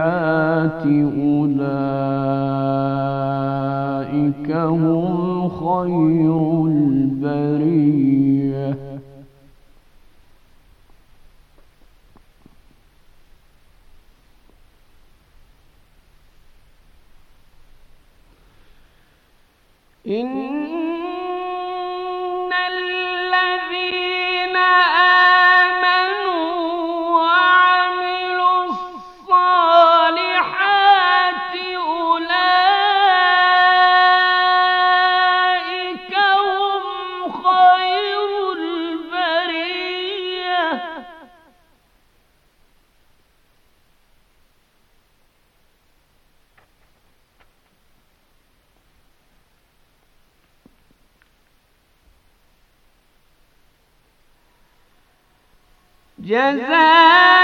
الصالحات أولئك هم خير البشر 现在。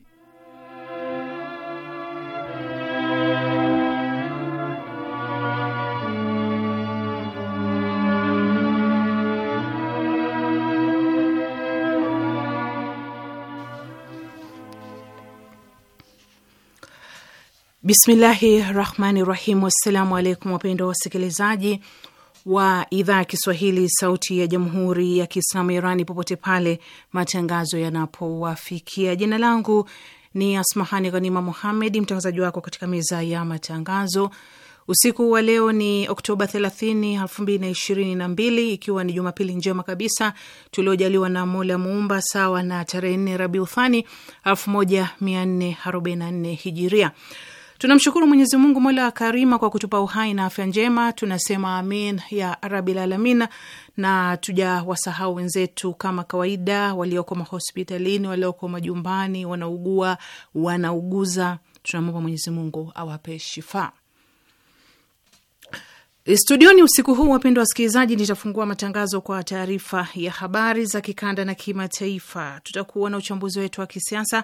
Bismillahi rahmani rahim. Wassalamu alaikum, wapendwa wasikilizaji wa idhaa ya Kiswahili sauti ya jamhuri ya Kiislamu Irani, popote pale matangazo yanapowafikia. Jina langu ni Asmahani Ghanima Muhamedi, mtangazaji wako katika meza ya matangazo. Usiku wa leo ni Oktoba 30, 2022 ikiwa ni Jumapili njema kabisa tuliojaliwa na Mola Muumba, sawa na tarehe 4 Rabiuthani 144 1444 Hijiria. Tunamshukuru Mwenyezi Mungu mola karima kwa kutupa uhai na afya njema, tunasema amin ya rabil alamina. Na wasahau wenzetu kama kawaida, walioko mahospitalini, walioko majumbani, wanaugua, wanauguza. Tunamwomba Mwenyezi Mungu awape shifa. Studioni usiku huu, wapendwa wasikilizaji, nitafungua matangazo kwa taarifa ya habari za kikanda na kimataifa. Tutakuwa na uchambuzi wetu wa kisiasa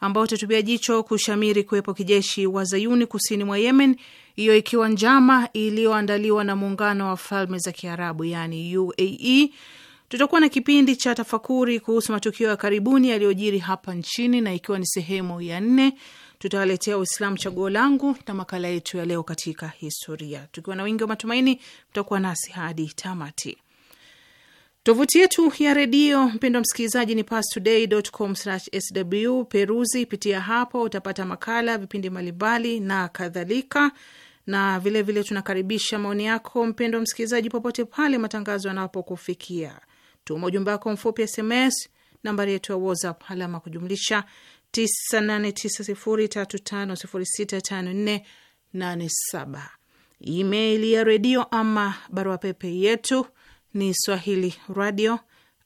ambao utatubia jicho kushamiri kuwepo kijeshi wa zayuni kusini mwa Yemen, hiyo ikiwa njama iliyoandaliwa na muungano wa falme za Kiarabu yani UAE. Tutakuwa na kipindi cha tafakuri kuhusu matukio ya karibuni yaliyojiri hapa nchini, na ikiwa ni sehemu ya nne tutawaletea Uislamu chaguo langu na makala yetu ya leo katika historia. Tukiwa na wingi wa matumaini, mtakuwa nasi hadi tamati. Tovuti yetu ya redio mpendwa msikilizaji ni pastoday.com/sw. Peruzi, pitia hapo utapata makala, vipindi mbalimbali na kadhalika, na vilevile vile tunakaribisha maoni yako mpendwa msikilizaji, popote pale matangazo yanapokufikia. Tuma ujumbe wako mfupi SMS, nambari yetu ya WhatsApp alama kujumlisha 989035065487, email ya redio ama barua pepe yetu ni swahili radio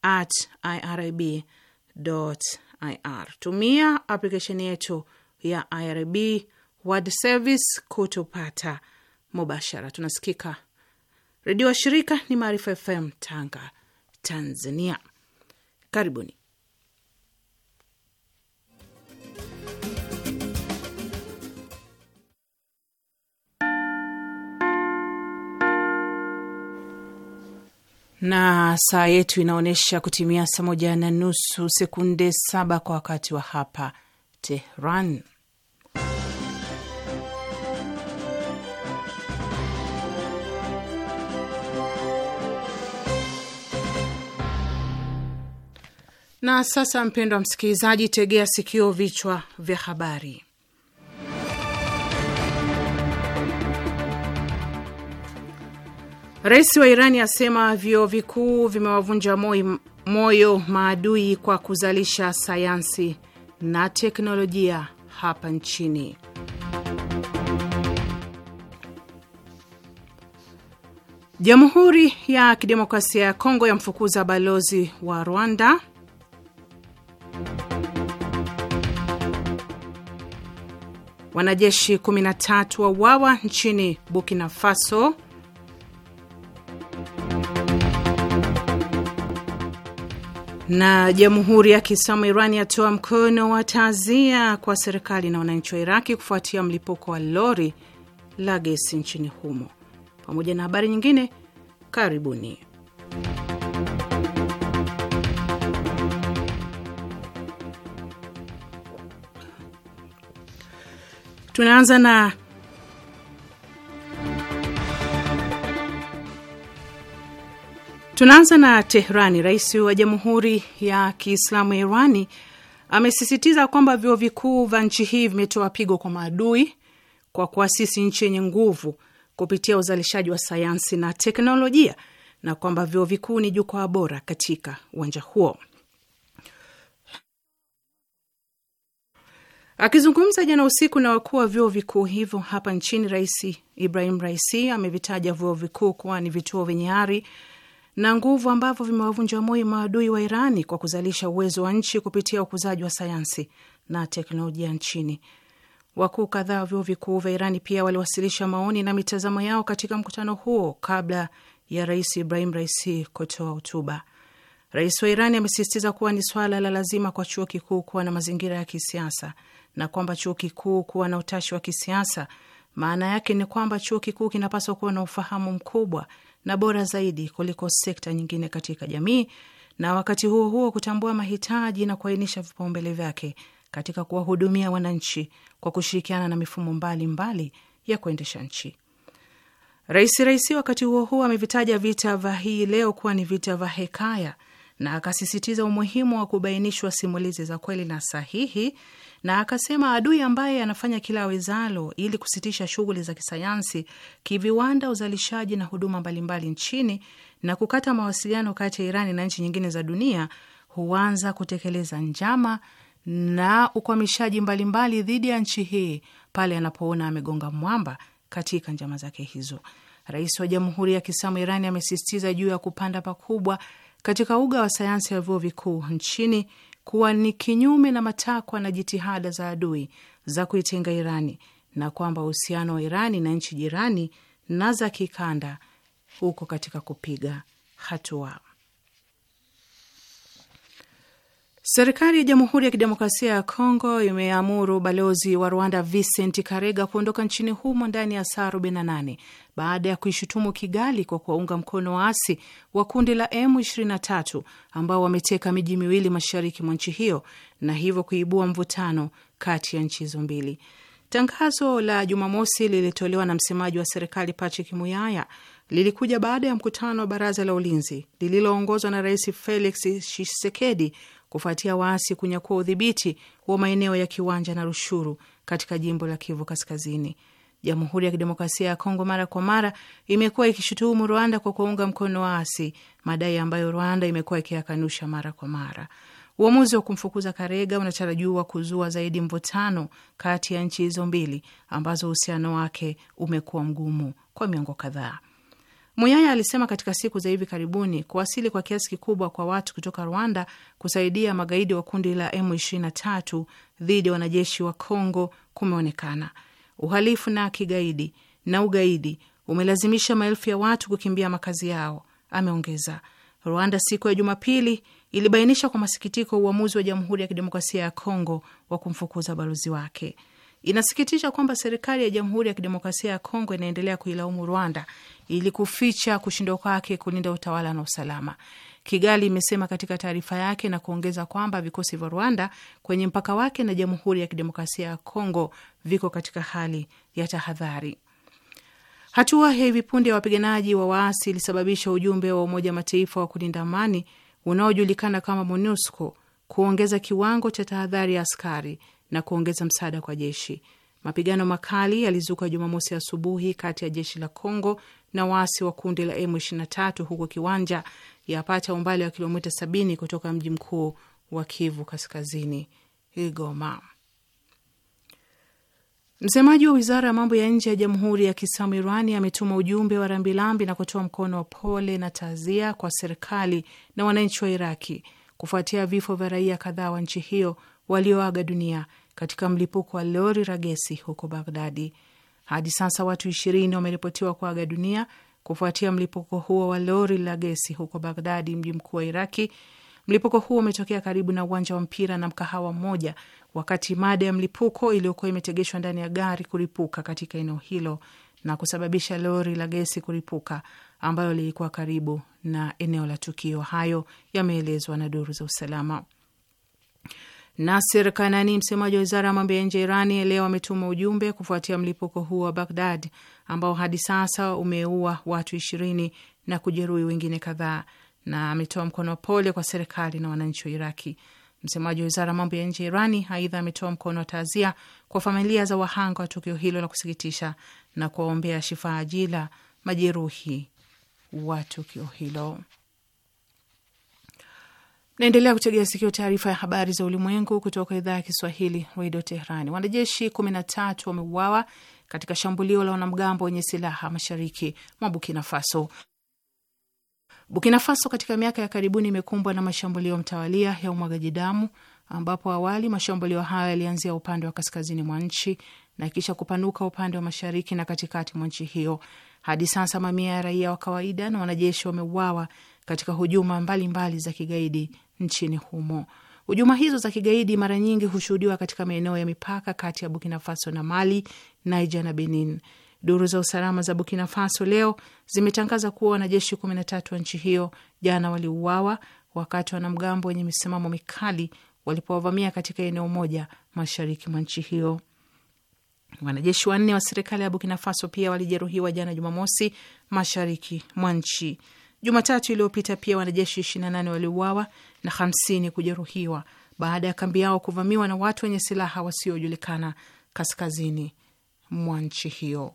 at irib ir. Tumia aplikesheni yetu ya IRIB word service kutupata mubashara. Tunasikika redio wa shirika ni Maarifa FM Tanga, Tanzania. Karibuni. na saa yetu inaonyesha kutimia saa moja na nusu sekunde saba kwa wakati wa hapa Tehran. Na sasa, mpendo wa msikilizaji, tegea sikio, vichwa vya habari. Rais wa Irani asema vyuo vikuu vimewavunja moyo maadui kwa kuzalisha sayansi na teknolojia hapa nchini. Jamhuri ya Kidemokrasia ya Kongo yamfukuza balozi wa Rwanda. Wanajeshi 13 wauawa nchini Burkina Faso. Na Jamhuri ya Kiislamu iran yatoa mkono wa taazia kwa serikali na wananchi wa Iraki kufuatia mlipuko wa lori la gesi nchini humo, pamoja na habari nyingine. Karibuni. Tunaanza na Tunaanza na Tehrani. Rais wa Jamhuri ya Kiislamu ya Irani amesisitiza kwamba vyuo vikuu vya nchi hii vimetoa pigo kwa maadui kwa kuasisi nchi yenye nguvu kupitia uzalishaji wa sayansi na teknolojia na kwamba vyuo vikuu ni jukwaa bora katika uwanja huo. Akizungumza jana usiku na wakuu wa vyuo vikuu hivyo hapa nchini, Rais Ibrahim Raisi amevitaja vyuo vikuu kuwa ni vituo vyenye ari na nguvu ambavyo vimewavunja moyo maadui wa Irani kwa kuzalisha uwezo wa nchi kupitia ukuzaji wa sayansi na teknolojia nchini. Wakuu kadhaa wa vyuo vikuu vya Irani pia waliwasilisha maoni na mitazamo yao katika mkutano huo kabla ya Rais Ibrahim Raisi kutoa hotuba. Rais wa Irani amesisitiza kuwa ni swala la lazima kwa chuo kikuu kuwa na mazingira ya kisiasa na kwamba chuo kikuu kuwa na utashi wa kisiasa maana yake ni kwamba chuo kikuu kinapaswa kuwa na ufahamu mkubwa na bora zaidi kuliko sekta nyingine katika jamii, na wakati huo huo kutambua mahitaji na kuainisha vipaumbele vyake katika kuwahudumia wananchi kwa kushirikiana na mifumo mbalimbali mbali ya kuendesha nchi. Rais Raisi wakati huo huo amevitaja vita vya hii leo kuwa ni vita vya hekaya na akasisitiza umuhimu wa kubainishwa simulizi za kweli na sahihi, na akasema adui ambaye anafanya kila awezalo ili kusitisha shughuli za kisayansi, kiviwanda, uzalishaji na huduma mbalimbali mbali nchini na kukata mawasiliano kati ya Irani na nchi nyingine za dunia huanza kutekeleza njama na ukwamishaji mbalimbali dhidi ya nchi hii pale anapoona amegonga mwamba katika njama zake hizo. Rais wa Jamhuri ya Kiislamu Irani amesisitiza juu ya kupanda pakubwa katika uga wa sayansi ya vyuo vikuu nchini kuwa ni kinyume na matakwa na jitihada za adui za kuitenga Irani na kwamba uhusiano wa Irani na nchi jirani na za kikanda huko katika kupiga hatua. Serikali ya Jamhuri ya Kidemokrasia ya Kongo imeamuru balozi wa Rwanda Vincent Karega kuondoka nchini humo ndani ya saa 48 baada ya kuishutumu Kigali kwa kuwaunga mkono waasi wa kundi la M23 ambao wameteka miji miwili mashariki mwa nchi hiyo na hivyo kuibua mvutano kati ya nchi hizo mbili. Tangazo la Jumamosi lilitolewa na msemaji wa serikali Patrick Muyaya lilikuja baada ya mkutano wa baraza la ulinzi lililoongozwa na Rais Felix Tshisekedi kufuatia waasi kunyakua udhibiti wa maeneo ya Kiwanja na Rushuru katika jimbo la Kivu Kaskazini. Jamhuri ya Kidemokrasia ya Kongo mara kwa mara imekuwa ikishutumu Rwanda kwa kuunga mkono waasi, madai ambayo Rwanda imekuwa ikiyakanusha mara kwa mara. Uamuzi wa kumfukuza Karega unatarajiwa kuzua zaidi mvutano kati ya nchi hizo mbili ambazo uhusiano wake umekuwa mgumu kwa miongo kadhaa. Muyaya alisema katika siku za hivi karibuni kuwasili kwa kiasi kikubwa kwa watu kutoka Rwanda kusaidia magaidi wa kundi la M23 dhidi ya wanajeshi wa Congo kumeonekana. Uhalifu na kigaidi na ugaidi umelazimisha maelfu ya watu kukimbia makazi yao, ameongeza. Rwanda siku ya Jumapili ilibainisha kwa masikitiko uamuzi wa Jamhuri ya Kidemokrasia ya Kongo wa kumfukuza balozi wake. Inasikitisha kwamba serikali ya Jamhuri ya Kidemokrasia ya Kongo inaendelea kuilaumu Rwanda ili kuficha kushindwa kwake kulinda utawala na usalama. Kigali imesema katika taarifa yake na kuongeza kwamba vikosi vya Rwanda kwenye mpaka wake na Jamhuri ya Kidemokrasia ya Kongo viko katika hali ya tahadhari. Hatua ya hivi punde ya wapiganaji wa waasi ilisababisha ujumbe wa Umoja Mataifa wa kulinda amani unaojulikana kama MONUSCO kuongeza kiwango cha tahadhari ya askari na kuongeza msaada kwa jeshi. Mapigano makali yalizuka Jumamosi asubuhi ya kati ya jeshi la Congo na waasi wa kundi la M23 huko Kiwanja, yapata umbali wa kilomita 70 kutoka mji mkuu wa Kivu Kaskazini, Goma. Msemaji wa wizara ya mambo ya nje ya Jamhuri ya Kiislamu Irani ametuma ujumbe wa rambirambi na kutoa mkono wa pole na taazia kwa serikali na wananchi wa Iraki kufuatia vifo vya raia kadhaa wa nchi hiyo walioaga dunia katika mlipuko wa lori la gesi huko Bagdadi. Hadi sasa watu ishirini wameripotiwa kuaga dunia kufuatia mlipuko huo wa lori la gesi huko Bagdadi, mji mkuu wa Iraki. Mlipuko huo umetokea karibu na uwanja wa mpira na mkahawa mmoja, wakati mada ya mlipuko iliyokuwa imetegeshwa ndani ya gari kulipuka katika eneo hilo na kusababisha lori la gesi kulipuka ambalo lilikuwa karibu na eneo la tukio. Hayo yameelezwa na duru za usalama. Nasir Kanani, msemaji wa wizara ya mambo ya nje ya Irani, leo ametuma ujumbe kufuatia mlipuko huo wa Baghdad ambao hadi sasa umeua watu ishirini na kujeruhi wengine kadhaa, na ametoa mkono wa pole kwa serikali na wananchi wa Iraki. Msemaji wa wizara ya mambo ya nje ya Irani aidha ametoa mkono wa taazia kwa familia za wahanga wa tukio hilo la kusikitisha na kuwaombea shifaa ajila majeruhi wa tukio hilo. Naendelea kutegea sikio taarifa ya habari za ulimwengu kutoka idhaa ya Kiswahili redio Tehran. Wanajeshi kumi na tatu wameuawa katika shambulio la wanamgambo wenye silaha mashariki mwa Bukina Faso. Bukina Faso katika miaka ya karibuni imekumbwa na mashambulio mtawalia ya umwagaji damu, ambapo awali mashambulio hayo yalianzia upande wa kaskazini mwa nchi na kisha kupanuka upande wa mashariki na katikati mwa nchi hiyo. Hadi sasa mamia ya raia wa kawaida na wanajeshi wameuawa katika hujuma mbalimbali mbali za kigaidi nchini humo. Hujuma hizo za kigaidi mara nyingi hushuhudiwa katika maeneo ya mipaka kati ya Burkina Faso na Mali, Niger na Benin. Duru za usalama za Burkina Faso leo zimetangaza kuwa wanajeshi 13 wa nchi hiyo jana waliuawa wakati wanamgambo wenye misimamo mikali walipowavamia katika eneo moja mashariki mwa nchi hiyo. Wanajeshi wanne wa serikali ya Burkina Faso pia walijeruhiwa jana Jumamosi mashariki mwa nchi. Jumatatu iliyopita pia wanajeshi 28 waliuawa na 50 kujeruhiwa baada ya kambi yao kuvamiwa na watu wenye silaha wasiojulikana kaskazini mwa nchi hiyo.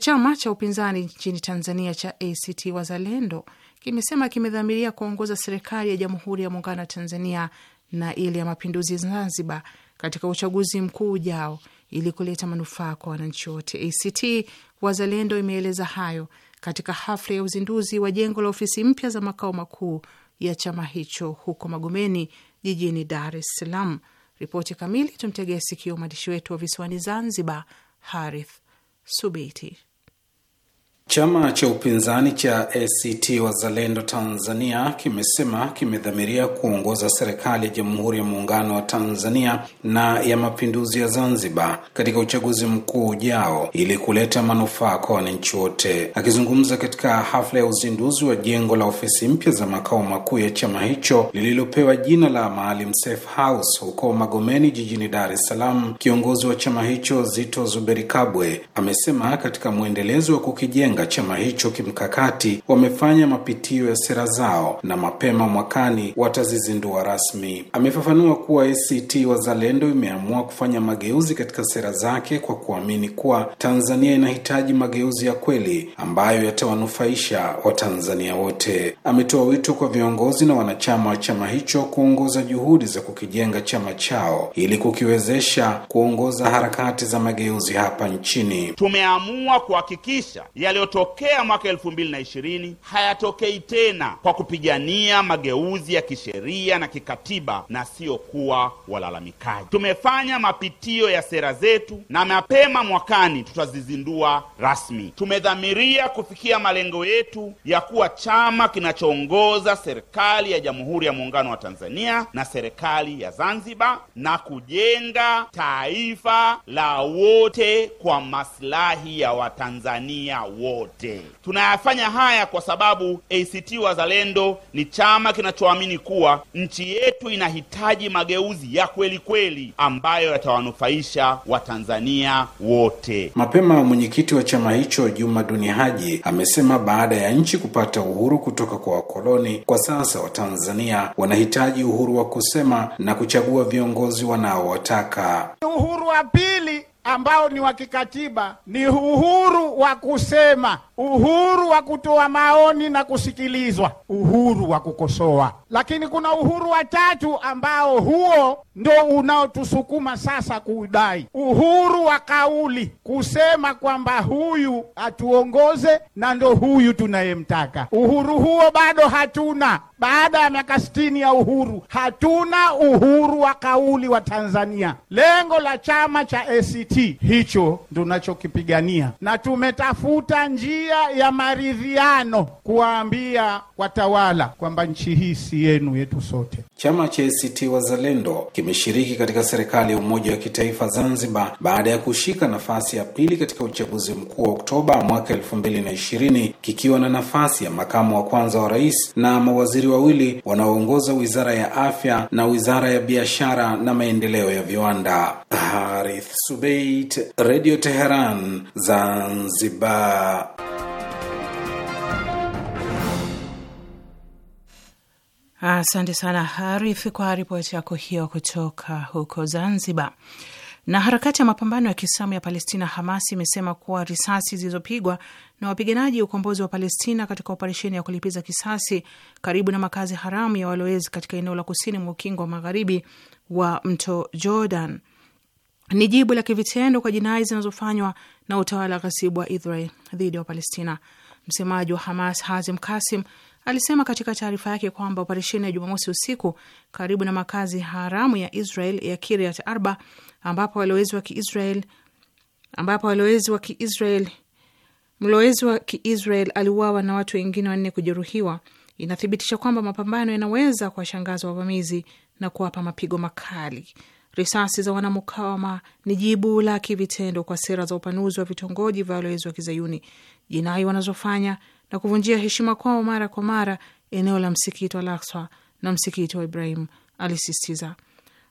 Chama cha upinzani nchini Tanzania cha ACT Wazalendo kimesema kimedhamiria kuongoza serikali ya Jamhuri ya Muungano wa Tanzania na ile ya Mapinduzi Zanzibar katika uchaguzi mkuu ujao ili kuleta manufaa kwa wananchi wote. ACT Wazalendo imeeleza hayo katika hafla ya uzinduzi wa jengo la ofisi mpya za makao makuu ya chama hicho huko Magomeni jijini Dar es Salaam. Ripoti kamili tumtegea sikio mwandishi wetu wa visiwani Zanzibar, Harith Subeiti. Chama cha upinzani cha ACT Wazalendo Tanzania kimesema kimedhamiria kuongoza serikali ya Jamhuri ya Muungano wa Tanzania na ya Mapinduzi ya Zanzibar katika uchaguzi mkuu ujao ili kuleta manufaa kwa wananchi wote. Akizungumza katika hafla ya uzinduzi wa jengo la ofisi mpya za makao makuu ya chama hicho lililopewa jina la Maalim Seif House huko Magomeni jijini Dar es Salaam, kiongozi wa chama hicho Zito Zuberi Kabwe amesema katika mwendelezo wa kukijenga kupinga chama hicho kimkakati wamefanya mapitio ya sera zao na mapema mwakani watazizindua rasmi. Amefafanua kuwa ACT Wazalendo imeamua kufanya mageuzi katika sera zake kwa kuamini kuwa Tanzania inahitaji mageuzi ya kweli ambayo yatawanufaisha Watanzania wote. Ametoa wito kwa viongozi na wanachama wa chama hicho kuongoza juhudi za kukijenga chama chao ili kukiwezesha kuongoza harakati za mageuzi hapa nchini. Tumeamua kuhakikisha yaliyo yaliyotokea mwaka elfu mbili na ishirini hayatokei tena kwa kupigania mageuzi ya kisheria na kikatiba na siyo kuwa walalamikaji. Tumefanya mapitio ya sera zetu na mapema mwakani tutazizindua rasmi. Tumedhamiria kufikia malengo yetu ya kuwa chama kinachoongoza serikali ya Jamhuri ya Muungano wa Tanzania na serikali ya Zanzibar na kujenga taifa la wote kwa maslahi ya Watanzania wote wote. Tunayafanya haya kwa sababu ACT Wazalendo ni chama kinachoamini kuwa nchi yetu inahitaji mageuzi ya kweli kweli ambayo yatawanufaisha Watanzania wote. Mapema mwenyekiti wa chama hicho Juma Duni Haji amesema baada ya nchi kupata uhuru kutoka kwa wakoloni, kwa sasa Watanzania wanahitaji uhuru wa kusema na kuchagua viongozi wanaowataka. Uhuru wa pili ambao ni wa kikatiba ni uhuru wa kusema, uhuru wa kutoa maoni na kusikilizwa, uhuru wa kukosoa. Lakini kuna uhuru wa tatu ambao huo ndo unaotusukuma sasa kuudai, uhuru wa kauli, kusema kwamba huyu atuongoze na ndo huyu tunayemtaka. Uhuru huo bado hatuna baada ya miaka sitini ya uhuru, hatuna uhuru wa kauli wa Tanzania. Lengo la chama cha ACT hicho tunachokipigania, na tumetafuta njia ya maridhiano kuwaambia watawala kwamba nchi hii si yenu, yetu sote. Chama cha ACT Wazalendo kimeshiriki katika serikali ya umoja wa kitaifa Zanzibar baada ya kushika nafasi ya pili katika uchaguzi mkuu wa Oktoba mwaka elfu mbili na ishirini kikiwa na nafasi ya makamu wa kwanza wa rais na mawaziri wawili wanaoongoza wizara ya afya na wizara ya biashara na maendeleo ya viwanda. Harith Subait, Radio Teheran, Zanzibar. Asante sana Harif kwa ripoti yako hiyo kutoka huko Zanzibar. Na harakati ya mapambano ya Kiislamu ya Palestina Hamas imesema kuwa risasi zilizopigwa na wapiganaji ukombozi wa Palestina katika operesheni ya kulipiza kisasi karibu na makazi haramu ya walowezi katika eneo la kusini mwa ukingo wa magharibi wa mto Jordan ni jibu la kivitendo kwa jinai zinazofanywa na utawala ghasibu wa Israel dhidi ya wapalestina Msemaji wa Hamas Hazim Kasim alisema katika taarifa yake kwamba operesheni ya Jumamosi usiku karibu na makazi haramu ya Israel ya Kiryat Arba, ambapo walowezi wa Kiisrael ambapo walowezi wa Kiisrael mlowezi wa Kiisrael aliuawa na watu wengine wanne kujeruhiwa, inathibitisha kwamba mapambano yanaweza kuwashangaza wavamizi na kuwapa mapigo makali. Risasi za wanamukawama ni jibu la kivitendo kwa sera za upanuzi wa vitongoji vya walowezi wa Kizayuni, jinai wanazofanya na kuvunjia heshima kwao mara kwa mara eneo la msikiti wa Al-Aqsa na msikiti wa Ibrahim, alisisitiza.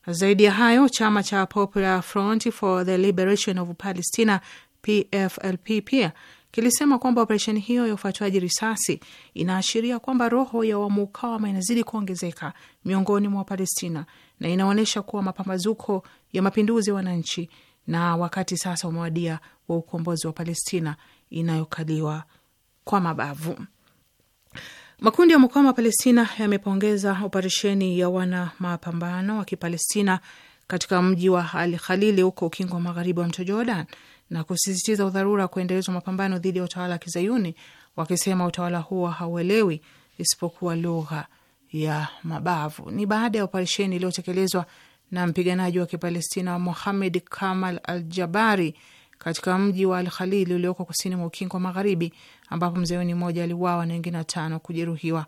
Zaidi ya hayo, chama cha Popular Front for the Liberation of Palestina PFLP pia kilisema kwamba operesheni hiyo ya ufuatiaji risasi inaashiria kwamba roho ya wamukawama inazidi kuongezeka miongoni mwa Wapalestina na inaonyesha kuwa mapambazuko ya mapinduzi ya wananchi na wakati sasa umewadia wa ukombozi wa Palestina inayokaliwa kwa mabavu. Makundi ya mukawama wa Palestina yamepongeza operesheni ya wana mapambano wa Kipalestina katika mji wa Al Khalili huko ukingo wa magharibi wa mto Jordan na kusisitiza udharura wa kuendelezwa mapambano dhidi ya utawala wa Kizayuni, wakisema utawala huo hauelewi isipokuwa lugha ya mabavu. Ni baada ya operesheni iliyotekelezwa na mpiganaji wa Kipalestina Muhamed Kamal Al Jabari katika mji wa Al Khalili ulioko kusini mwa ukingo wa magharibi ambapo mzayuni mmoja aliuawa na wengine watano kujeruhiwa.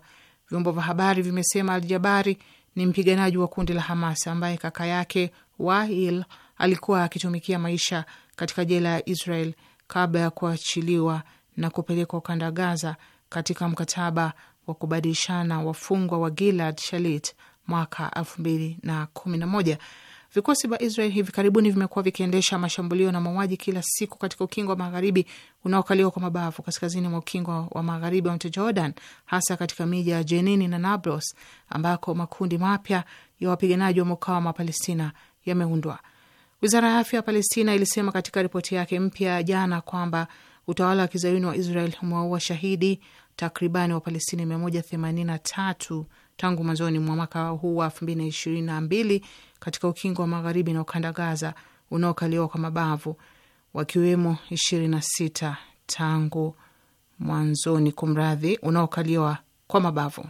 Vyombo vya habari vimesema Aljabari ni mpiganaji wa kundi la Hamas ambaye kaka yake Wail alikuwa akitumikia maisha katika jela ya Israel kabla ya kuachiliwa na kupelekwa ukanda Gaza katika mkataba wa kubadilishana wafungwa wa Gilad Shalit mwaka elfu mbili na kumi na moja. Vikosi vya Israel hivi karibuni vimekuwa vikiendesha mashambulio na mauaji kila siku katika ukingo wa magharibi unaokaliwa kwa mabavu kaskazini mwa ukingo wa magharibi wa mto Jordan, hasa katika miji ya Jenini na Nablos ambako makundi mapya ya wapiganaji wa mukawama wa Palestina yameundwa. Wizara ya afya ya Palestina ilisema katika ripoti yake mpya jana kwamba utawala wa kizayuni wa Israel umewaua shahidi takribani Wapalestina tatu tangu mwanzoni mwa mwaka huu wa elfu mbili na ishirini na mbili katika ukingo wa magharibi na ukanda Gaza unaokaliwa kwa mabavu, wakiwemo ishirini na sita tangu mwanzoni, kumradhi, unaokaliwa kwa mabavu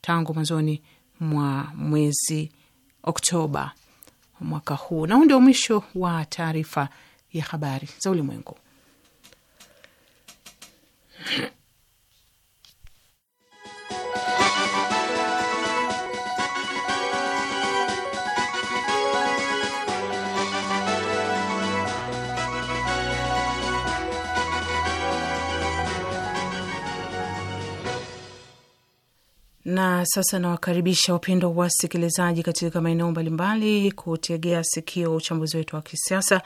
tangu mwanzoni mwa mwezi Oktoba mwaka huu. Na huu ndio mwisho wa taarifa ya habari za ulimwengu. Na sasa nawakaribisha wapendwa wasikilizaji katika maeneo mbalimbali kutegea sikio uchambuzi wetu wa kisiasa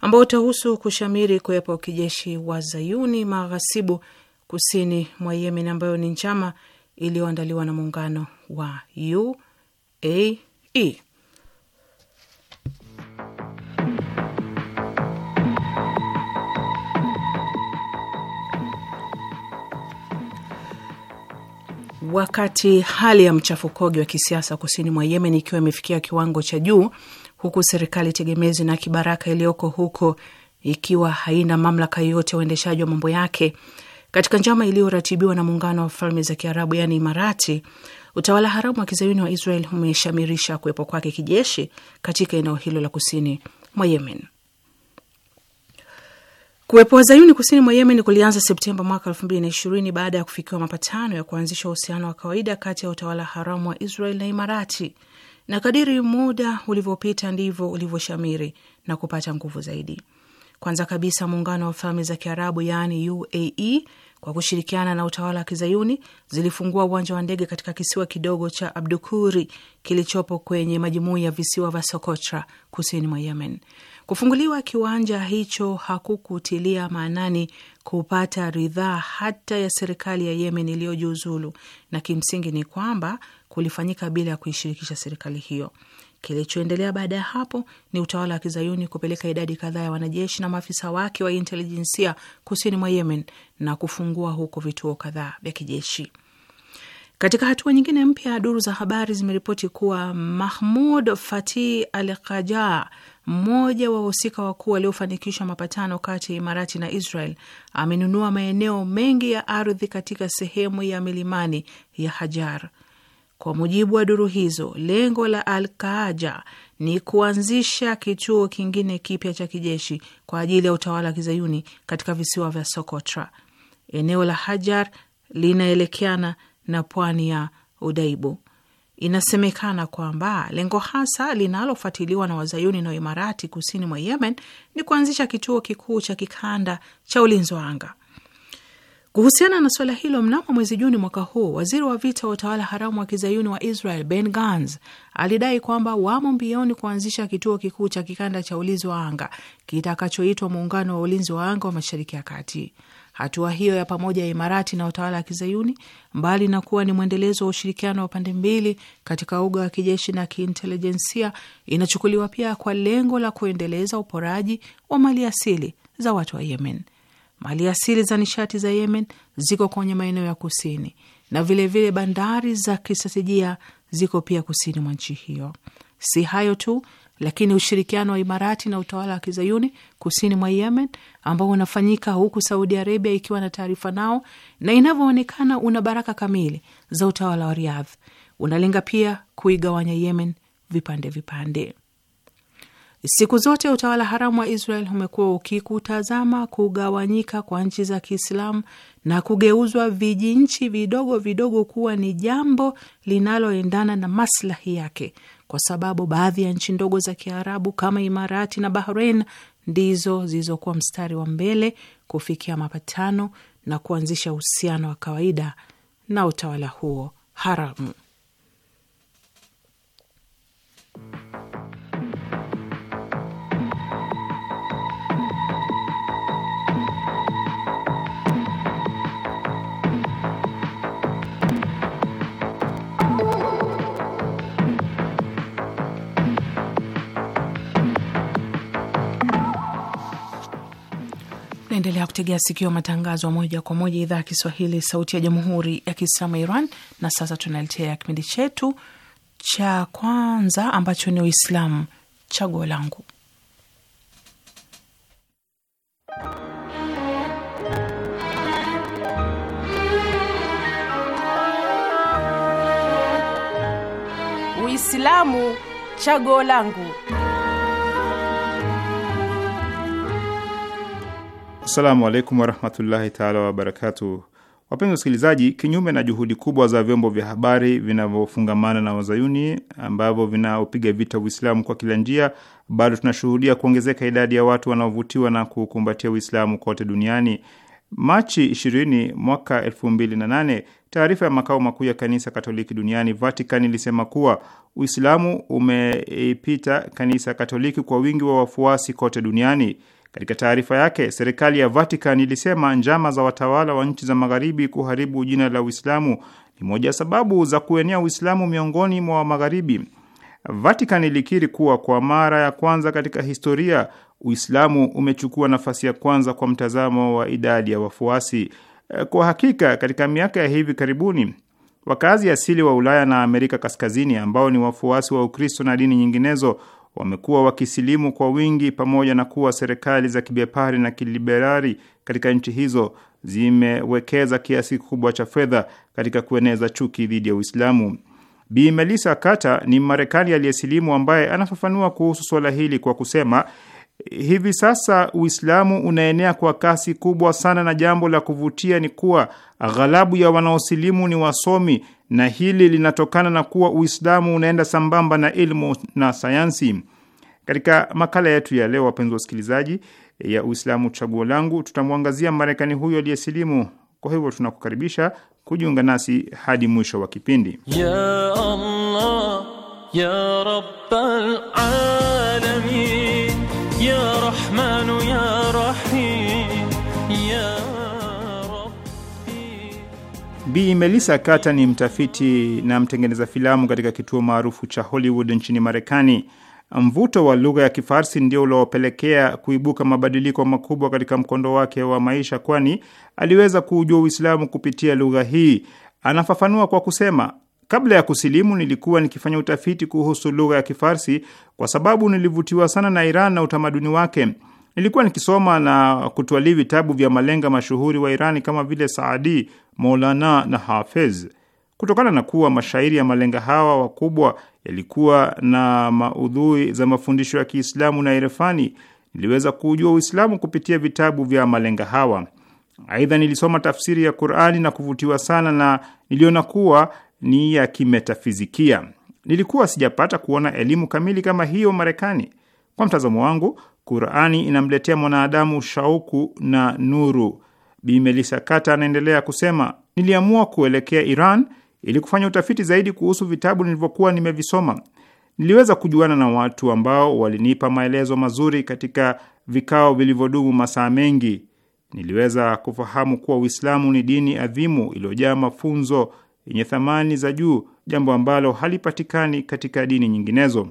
ambao utahusu kushamiri kuwepo kijeshi wa zayuni maghasibu kusini mwa Yemen, ambayo ni njama iliyoandaliwa na muungano wa UAE. Wakati hali ya mchafukoge wa kisiasa kusini mwa Yemen ikiwa imefikia kiwango cha juu, huku serikali tegemezi na kibaraka iliyoko huko ikiwa haina mamlaka yoyote ya uendeshaji wa mambo yake, katika njama iliyoratibiwa na muungano wa falme za Kiarabu yaani Imarati, utawala haramu wa kizayuni wa Israel umeshamirisha kuwepo kwake kijeshi katika eneo hilo la kusini mwa Yemen. Kuwepo wazayuni kusini mwa Yemen kulianza Septemba mwaka elfu mbili na ishirini baada ya kufikiwa mapatano ya kuanzisha uhusiano wa kawaida kati ya utawala haramu wa Israel na Imarati, na kadiri muda ulivyopita ndivyo ulivyoshamiri na kupata nguvu zaidi. Kwanza kabisa muungano wa falme za Kiarabu yaani UAE kwa kushirikiana na utawala wa kizayuni zilifungua uwanja wa ndege katika kisiwa kidogo cha Abdukuri kilichopo kwenye majumui ya visiwa vya Sokotra kusini mwa Yemen. Kufunguliwa kiwanja hicho hakukutilia maanani kupata ridhaa hata ya serikali ya Yemen iliyojiuzulu, na kimsingi ni kwamba kulifanyika bila ya kuishirikisha serikali hiyo. Kilichoendelea baada ya hapo ni utawala wa kizayuni kupeleka idadi kadhaa ya wanajeshi na maafisa wake wa intelijensia kusini mwa Yemen na kufungua huko vituo kadhaa vya kijeshi. Katika hatua nyingine mpya, duru za habari zimeripoti kuwa Mahmud Fatih Al Qajar mmoja wa wahusika wakuu waliofanikisha mapatano kati ya Imarati na Israel amenunua maeneo mengi ya ardhi katika sehemu ya milimani ya Hajar. Kwa mujibu wa duru hizo, lengo la Al Kaaja ni kuanzisha kituo kingine kipya cha kijeshi kwa ajili ya utawala wa kizayuni katika visiwa vya Sokotra. Eneo la Hajar linaelekeana na pwani ya Udaibu. Inasemekana kwamba lengo hasa linalofuatiliwa na wazayuni na Imarati kusini mwa Yemen ni kuanzisha kituo kikuu cha kikanda cha ulinzi wa anga. Kuhusiana na suala hilo, mnamo mwezi Juni mwaka huu, waziri wa vita wa utawala haramu wa kizayuni wa Israel Ben Gans alidai kwamba wamo mbioni kuanzisha kituo kikuu cha kikanda cha ulinzi wa anga kitakachoitwa Muungano wa Ulinzi wa Anga wa Mashariki ya Kati. Hatua hiyo ya pamoja ya Imarati na utawala wa Kizayuni, mbali na kuwa ni mwendelezo wa ushirikiano wa pande mbili katika uga wa kijeshi na kiintelijensia, inachukuliwa pia kwa lengo la kuendeleza uporaji wa mali asili za watu wa Yemen. mali asili za nishati za Yemen ziko kwenye maeneo ya kusini na vilevile vile bandari za kistratejia ziko pia kusini mwa nchi hiyo. Si hayo tu, lakini ushirikiano wa Imarati na utawala wa kizayuni kusini mwa Yemen ambao unafanyika huku Saudi Arabia ikiwa na taarifa nao, na inavyoonekana una baraka kamili za utawala wa riadh unalenga pia kuigawanya Yemen vipande vipande. Siku zote utawala haramu wa Israel umekuwa ukikutazama kugawanyika kwa nchi za Kiislamu na kugeuzwa vijinchi vidogo vidogo kuwa ni jambo linaloendana na maslahi yake kwa sababu baadhi ya nchi ndogo za Kiarabu kama Imarati na Bahrain ndizo zilizokuwa mstari wa mbele kufikia mapatano na kuanzisha uhusiano wa kawaida na utawala huo haramu. Naendelea kutegea sikio matangazo moja kwa moja idhaa ya Kiswahili, sauti ya jamhuri ya kiislamu ya Iran. Na sasa tunaletea kipindi chetu cha kwanza ambacho ni Uislamu chaguo langu. Uislamu chaguo langu. Assalamu alaikum warahmatullahi taala wabarakatuh. Wapenzi wasikilizaji, kinyume na juhudi kubwa za vyombo vya habari vinavyofungamana na wazayuni ambavyo vinaopiga vita Uislamu kwa kila njia, bado tunashuhudia kuongezeka idadi ya watu wanaovutiwa na kukumbatia Uislamu kote duniani. Machi 20 mwaka 2008, taarifa ya makao makuu ya kanisa Katoliki duniani Vatican ilisema kuwa Uislamu umeipita kanisa Katoliki kwa wingi wa wafuasi kote duniani. Katika taarifa yake, serikali ya Vatican ilisema njama za watawala wa nchi za magharibi kuharibu jina la Uislamu ni moja sababu za kuenea Uislamu miongoni mwa magharibi. Vatican ilikiri kuwa kwa mara ya kwanza katika historia Uislamu umechukua nafasi ya kwanza kwa mtazamo wa idadi ya wafuasi. Kwa hakika, katika miaka ya hivi karibuni wakazi asili wa Ulaya na Amerika Kaskazini ambao ni wafuasi wa Ukristo na dini nyinginezo wamekuwa wakisilimu kwa wingi, pamoja na kuwa serikali za kibepari na kiliberari katika nchi hizo zimewekeza kiasi kikubwa cha fedha katika kueneza chuki dhidi ya Uislamu. Bi Melissa Carter ni Marekani aliyesilimu ambaye anafafanua kuhusu suala hili kwa kusema Hivi sasa Uislamu unaenea kwa kasi kubwa sana, na jambo la kuvutia ni kuwa ghalabu ya wanaosilimu ni wasomi, na hili linatokana na kuwa Uislamu unaenda sambamba na ilmu na sayansi. Katika makala yetu ya leo, wapenzi wasikilizaji, ya Uislamu Chaguo Langu, tutamwangazia Marekani huyo aliyesilimu. Kwa hivyo tunakukaribisha kujiunga nasi hadi mwisho wa kipindi ya Allah, ya Rabbal Alamin b Bi Melissa Carter ni mtafiti na mtengeneza filamu katika kituo maarufu cha Hollywood nchini Marekani. Mvuto wa lugha ya Kifarsi ndio uliopelekea kuibuka mabadiliko makubwa katika mkondo wake wa maisha, kwani aliweza kuujua Uislamu kupitia lugha hii. Anafafanua kwa kusema Kabla ya kusilimu nilikuwa nikifanya utafiti kuhusu lugha ya Kifarsi kwa sababu nilivutiwa sana na Iran na utamaduni wake. Nilikuwa nikisoma na kutwalii vitabu vya malenga mashuhuri wa Irani kama vile Saadi, Maulana na Hafez. Kutokana na kuwa mashairi ya malenga hawa wakubwa yalikuwa na maudhui za mafundisho ya Kiislamu na irefani, niliweza kujua Uislamu kupitia vitabu vya malenga hawa. Aidha, nilisoma tafsiri ya Qurani na kuvutiwa sana na niliona kuwa ni ya kimetafizikia. Nilikuwa sijapata kuona elimu kamili kama hiyo Marekani. Kwa mtazamo wangu, Qurani inamletea mwanadamu shauku na nuru. Bi Kata anaendelea kusema, niliamua kuelekea Iran ili kufanya utafiti zaidi kuhusu vitabu nilivyokuwa nimevisoma. Niliweza kujuana na watu ambao walinipa maelezo mazuri katika vikao vilivyodumu masaa mengi. Niliweza kufahamu kuwa Uislamu ni dini adhimu iliyojaa mafunzo yenye thamani za juu, jambo ambalo halipatikani katika dini nyinginezo.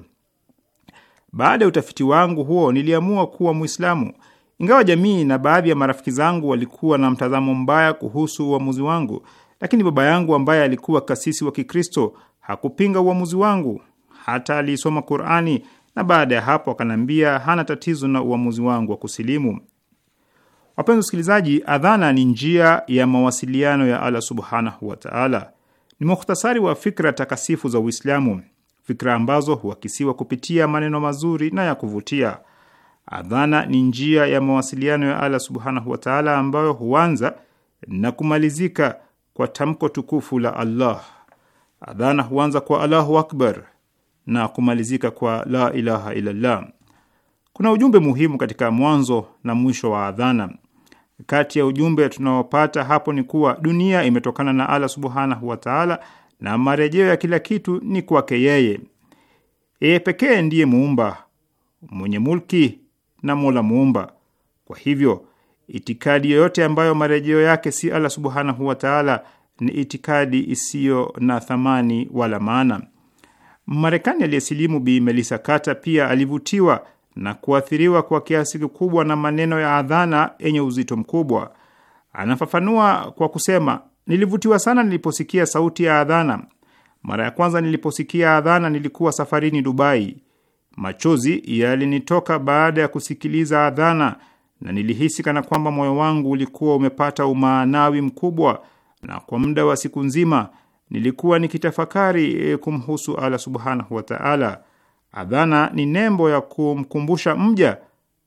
Baada ya utafiti wangu huo, niliamua kuwa Mwislamu. Ingawa jamii na baadhi ya marafiki zangu walikuwa na mtazamo mbaya kuhusu uamuzi wangu, lakini baba yangu ambaye alikuwa kasisi wa Kikristo hakupinga uamuzi wangu. Hata aliisoma Qurani na baada ya hapo akanaambia hana tatizo na uamuzi wangu wa kusilimu. Wapenzi wasikilizaji, adhana ni njia ya mawasiliano ya Allah subhanahu wataala. Ni muhtasari wa fikra takasifu za Uislamu, fikra ambazo huakisiwa kupitia maneno mazuri na ya kuvutia. Adhana ni njia ya mawasiliano ya Allah subhanahu wataala, ambayo huanza na kumalizika kwa tamko tukufu la Allah. Adhana huanza kwa Allahu akbar na kumalizika kwa la ilaha illallah. Kuna ujumbe muhimu katika mwanzo na mwisho wa adhana kati ya ujumbe tunaopata hapo ni kuwa dunia imetokana na Allah subhanahu wataala, na marejeo ya kila kitu ni kwake yeye. Yeye pekee ndiye muumba, mwenye mulki na mola muumba. Kwa hivyo itikadi yoyote ambayo marejeo yake si Allah subhanahu wataala ni itikadi isiyo na thamani wala maana. Marekani aliyesilimu Bi Melissa Carter pia alivutiwa na kuathiriwa kwa kiasi kikubwa na maneno ya adhana yenye uzito mkubwa. Anafafanua kwa kusema, nilivutiwa sana niliposikia sauti ya adhana. Mara ya kwanza niliposikia adhana nilikuwa safarini Dubai. Machozi yalinitoka baada ya kusikiliza adhana na nilihisi kana kwamba moyo wangu ulikuwa umepata umaanawi mkubwa, na kwa muda wa siku nzima nilikuwa nikitafakari eh, kumhusu Allah subhanahu wa taala. Adhana ni nembo ya kumkumbusha mja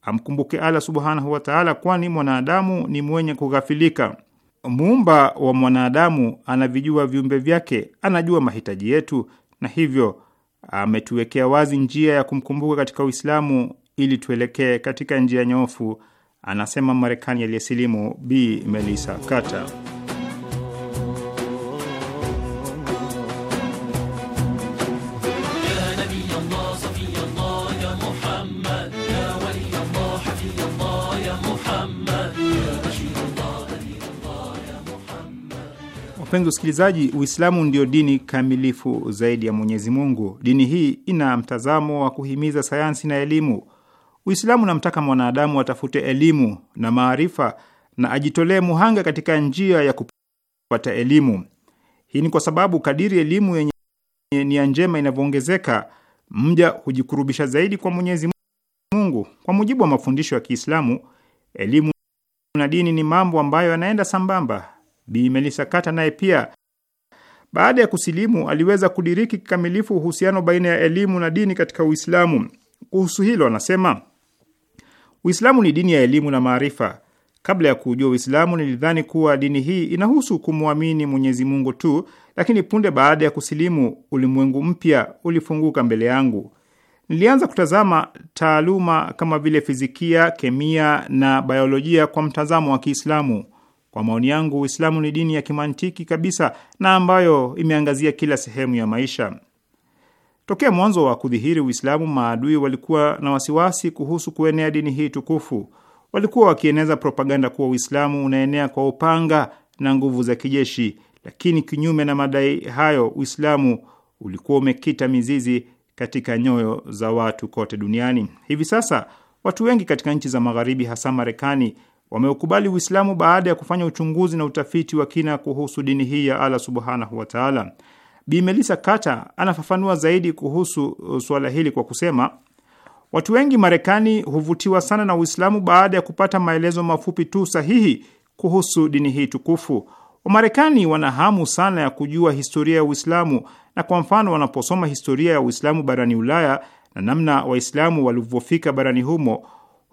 amkumbuke Allah subhanahu wataala, kwani mwanadamu ni mwenye kughafilika. Muumba wa mwanadamu anavijua viumbe vyake, anajua mahitaji yetu, na hivyo ametuwekea wazi njia ya kumkumbuka katika Uislamu ili tuelekee katika njia nyofu, anasema Marekani aliyesilimu Bi Melissa Carter. Mpenzi usikilizaji, Uislamu ndio dini kamilifu zaidi ya Mwenyezi Mungu. Dini hii ina mtazamo wa kuhimiza sayansi na elimu. Uislamu unamtaka mwanadamu atafute elimu na maarifa na ajitolee muhanga katika njia ya kupata elimu. Hii ni kwa sababu kadiri elimu yenye nia njema inavyoongezeka, mja hujikurubisha zaidi kwa Mwenyezi Mungu. Kwa mujibu wa mafundisho ya Kiislamu, elimu na dini ni mambo ambayo yanaenda sambamba. Bi Melissa Kata naye pia baada ya kusilimu aliweza kudiriki kikamilifu uhusiano baina ya elimu na dini katika Uislamu. Kuhusu hilo anasema, Uislamu ni dini ya elimu na maarifa. Kabla ya kujua Uislamu nilidhani kuwa dini hii inahusu kumwamini Mwenyezi Mungu tu, lakini punde baada ya kusilimu ulimwengu mpya ulifunguka mbele yangu. Nilianza kutazama taaluma kama vile fizikia, kemia na biolojia kwa mtazamo wa Kiislamu. Kwa maoni yangu, Uislamu ni dini ya kimantiki kabisa na ambayo imeangazia kila sehemu ya maisha. Tokea mwanzo wa kudhihiri Uislamu, maadui walikuwa na wasiwasi kuhusu kuenea dini hii tukufu. Walikuwa wakieneza propaganda kuwa Uislamu unaenea kwa upanga na nguvu za kijeshi, lakini kinyume na madai hayo, Uislamu ulikuwa umekita mizizi katika nyoyo za watu kote duniani. Hivi sasa watu wengi katika nchi za Magharibi, hasa Marekani, wameukubali Uislamu baada ya kufanya uchunguzi na utafiti wa kina kuhusu dini hii ya Allah subhanahu wataala. Bi Melissa Carter anafafanua zaidi kuhusu uh, suala hili kwa kusema, watu wengi Marekani huvutiwa sana na Uislamu baada ya kupata maelezo mafupi tu sahihi kuhusu dini hii tukufu. Wamarekani wana hamu sana ya kujua historia ya Uislamu, na kwa mfano, wanaposoma historia ya Uislamu barani Ulaya na namna Waislamu walivyofika barani humo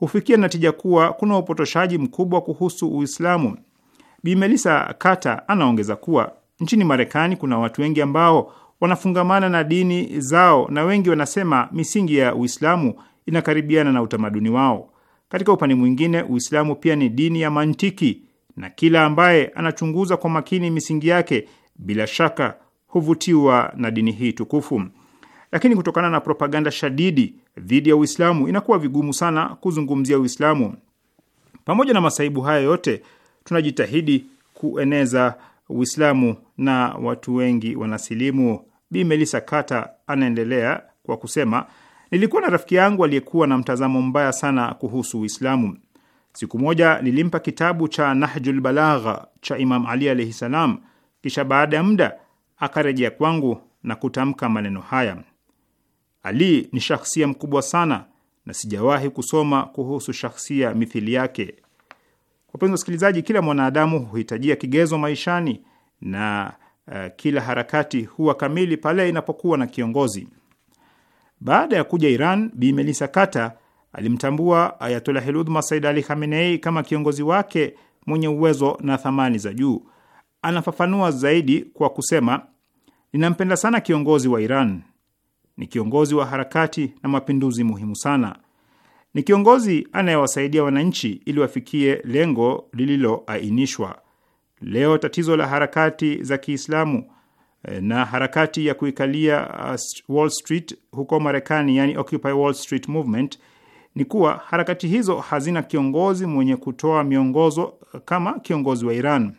hufikia natija kuwa kuna upotoshaji mkubwa kuhusu Uislamu. Bi Melissa anaongeza kuwa nchini Marekani kuna watu wengi ambao wanafungamana na dini zao na wengi wanasema misingi ya Uislamu inakaribiana na utamaduni wao. Katika upande mwingine, Uislamu pia ni dini ya mantiki na kila ambaye anachunguza kwa makini misingi yake bila shaka huvutiwa na dini hii tukufu. Lakini kutokana na propaganda shadidi dhidi ya Uislamu, inakuwa vigumu sana kuzungumzia Uislamu. Pamoja na masaibu haya yote, tunajitahidi kueneza Uislamu na watu wengi wanasilimu. Bi Melissa Kata anaendelea kwa kusema, nilikuwa na rafiki yangu aliyekuwa na mtazamo mbaya sana kuhusu Uislamu. Siku moja nilimpa kitabu cha Nahjul Balagha cha Imam Ali alaihi salam, kisha baada ya muda akarejea kwangu na kutamka maneno haya: ali ni shakhsia mkubwa sana na sijawahi kusoma kuhusu shakhsia mithili yake. Wapenzi wasikilizaji, kila mwanadamu huhitajia kigezo maishani na uh, kila harakati huwa kamili pale inapokuwa na kiongozi. Baada ya kuja Iran, Bi Melissa Kata alimtambua Ayatolahil Udhma Said Ali Khamenei kama kiongozi wake mwenye uwezo na thamani za juu. Anafafanua zaidi kwa kusema, ninampenda sana kiongozi wa Iran ni kiongozi wa harakati na mapinduzi muhimu sana. Ni kiongozi anayewasaidia wananchi ili wafikie lengo lililoainishwa. Leo tatizo la harakati za Kiislamu eh, na harakati ya kuikalia eh, Wall Street huko Marekani, yani Occupy Wall Street Movement, ni kuwa harakati hizo hazina kiongozi mwenye kutoa miongozo eh, kama kiongozi wa Iran.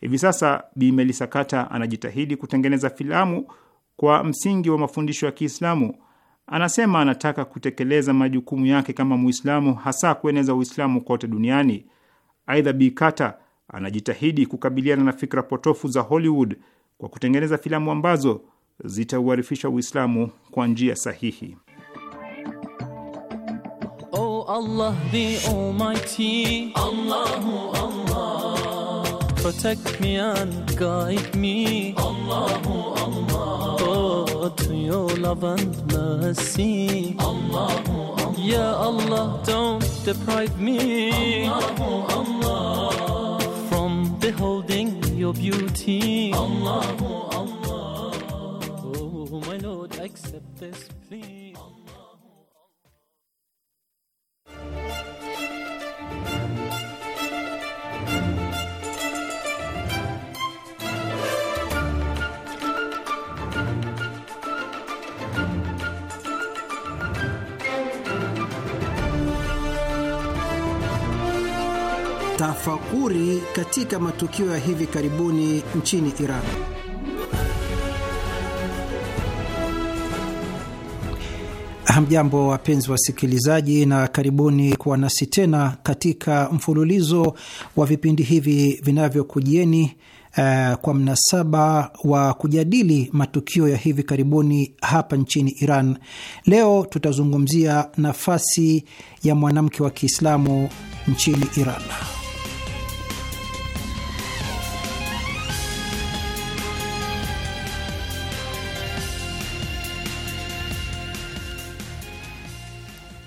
Hivi sasa Bi Melisa anajitahidi kutengeneza filamu kwa msingi wa mafundisho ya Kiislamu. Anasema anataka kutekeleza majukumu yake kama Muislamu, hasa kueneza Uislamu kote duniani. Aidha, Bi anajitahidi kukabiliana na fikra potofu za Hollywood kwa kutengeneza filamu ambazo zitauarifisha Uislamu kwa njia sahihi. Allah, the Almighty, Allahu Allah, protect me and guide me, Allahu Allah. loving mercy. Allah, Allah. yeah, Allah, don't deprive me. Allah, From beholding your beauty. Allah, Allah. Oh, my Lord, accept this, please. ufakuri katika matukio ya hivi karibuni nchini Iran. Hamjambo, wapenzi wasikilizaji, na karibuni kuwa nasi tena katika mfululizo wa vipindi hivi vinavyokujieni uh, kwa mnasaba wa kujadili matukio ya hivi karibuni hapa nchini Iran. Leo tutazungumzia nafasi ya mwanamke wa Kiislamu nchini Iran.